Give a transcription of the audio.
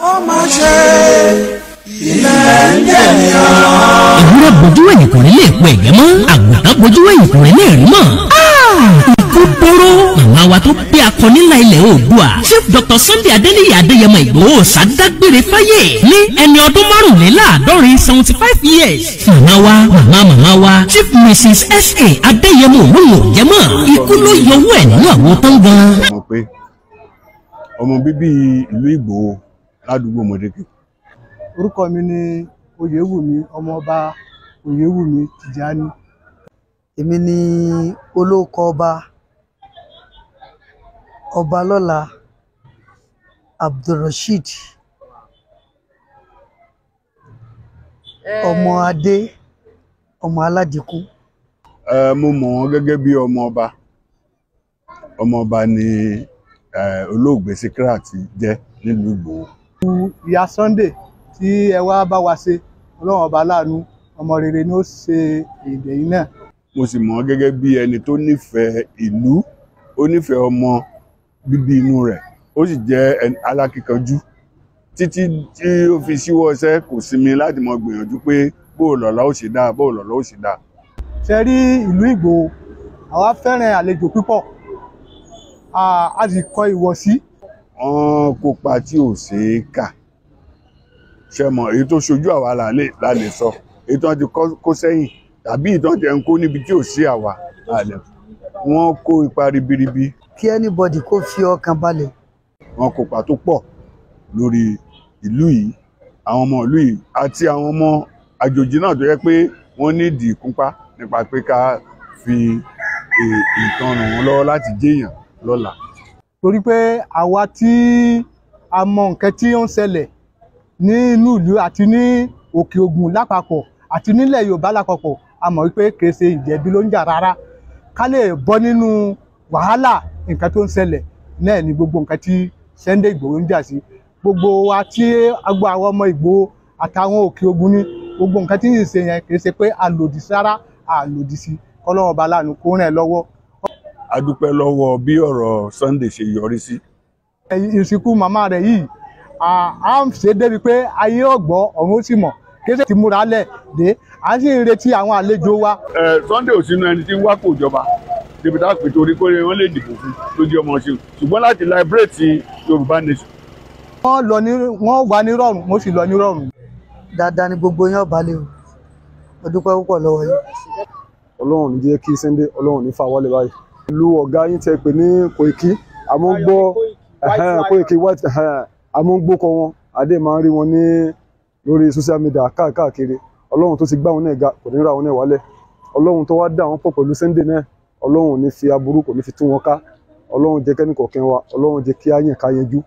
ó máa ṣe ilẹ̀ ń jẹ̀yàn. ìwúrọ̀ bojú ẹ̀yìnkùn nílé ìpẹ́ ẹ̀gẹ́ mọ́ àgùntàn bojú ẹ̀yìnkùn nílé ẹ̀rí mọ́ ikú bóró màmá wa tó bí akọni ńlá ilẹ̀ oòdùà chief dr sunday adéníyì adéyẹmọ ìgbòho sàdágbére fáyé ní ẹni ọdún márùnléláàádọ́rin seventy five years màmá wa màmá màmá wa chief mrs sa adéyẹmọ òwúrò jẹmọ ikú ló yọwọ́ ẹ̀ nínú àwọn tó ń gan. ọmọ bíbí ìlú ìgbòho ládùúgbò Mọdákè. orúkọ mi ni oyèwùmí ọmọọba oyèwùmí tìjání. èmi ni olóòkọ ọba ọbalọ́lá abdulrasheed eh. ọmọ adé ọmọ aládìkú. ẹ eh, mo mọ̀ wọ́n gẹ́gẹ́ bí ọmọ ọba ni eh, olóògbé Síkírátì jẹ́ nílùú Ìgbòho ku ìyá Sunday tí ẹ wá bá wa ṣe ọlọ́run ọba láàánú ọmọ rere ni ó ṣe èdè yìí náà. mo sì mọ̀ gẹ́gẹ́ bí ẹni tó nífẹ̀ẹ́ ìlú ó nífẹ̀ẹ́ ọmọ bíbí inú rẹ̀ ó sì jẹ́ alákìkanjú títí tí ó fi síwọ́ iṣẹ́ kò sinmi láti mọ gbìyànjú pé bóò lọ́la ó ṣe dáa bóò lọ́la ó ṣe dáa. ṣe rí ìlú Ìgbòho àwa fẹ́ràn àlejò púpọ̀ a sì kọ ìwọ̀ sí. Si wọ́n kópa tí ò ṣeé kà ṣe mọ̀ èyí tó ṣojú àwa la lè sọ èyí tó ti kó sẹ́yìn tàbí ìtàn jẹ́ ń kó níbi tí ò sí àwa àlẹ́ wọ́n kó ipa ribiribi. kí anybody kó fi ọkàn balẹ̀. wọ́n kópa tó pọ̀ lórí ìlú yìí àwọn ọmọ ìlú yìí àti àwọn ọmọ àjòjì náà tó yẹ pé wọ́n ní ìdí ìkúnpá nípa pé ká fi e, ìtàn ràn lọ́wọ́ láti jẹ́yàn lọ́la torí pé àwa tí a mọ nǹkan tí ó ń ṣẹlẹ̀ ní inú ìlú àti ní òkè ògùn lápapọ̀ àti nílẹ̀ yorùbá lápapọ̀ a mọ̀ wípé kìí ṣe ìjẹ̀bi ló ń jà rárá ká lè bọ́ nínú wàhálà nǹkan tó ń ṣẹlẹ̀ náà ni gbogbo nǹkan tí Sunday Ìgbòho ń jà sí gbogbo wa tí agbó àwọn ọmọ Ìgbòho àtàwọn òkè ògùn ni gbogbo nǹkan tí ń ṣe yẹn kìí ṣe pé a lòdì sí a lòdì sí kọ́lọ́wọ́n ọba kó ràn lọ́wọ́ a dúpẹ́ lọ́wọ́ bí ọ̀rọ̀ Sunday ṣe yọrí sí. ìsìnkú màmá rẹ̀ yìí à ń ṣe débi pé ayé ọ̀gbọ́ ọ̀run sì mọ̀ kéṣe ti múra lẹ̀ dé à ń sì ń retí àwọn àlejò wa. ẹ Sunday ò sínú ẹni tí ń wá kó ìjọba débi tá a pè torí kórè wọn lè dìbò fún lójú ọmọ ṣe ṣùgbọ́n láti liberate Yorùbá nation. wọ́n wà ní rọrùn mo sì lọ ní rọrùn. dáadáa ni gbogbo yẹn ọba lè o mo dúpẹ́ púpọ̀ lọ́wọ́ yìí. ọlọ́run ní jẹ́ kí Sunday ọlọ́run ní fa wọlé báyìí lu ọ̀gá yín tẹ́ pè ní Koiki amúgbó Koiki white amúgbó kọ wọn adé máa ń rí wọn ní lórí social media káàkiri ọlọ́run tó ti gbá wọn náà ga kò ní ra wọn náà wálẹ̀ ọlọ́run tó wá dà wọn pọ̀ pẹ̀lú Sunday náà ọlọ́run ò ní fi aburú kò ní fi tú wọn ká ọlọ́run jẹ́ kẹ́nìkọ̀ọ̀kan wa ọlọ́run jẹ́ kí á yàn ká yẹjú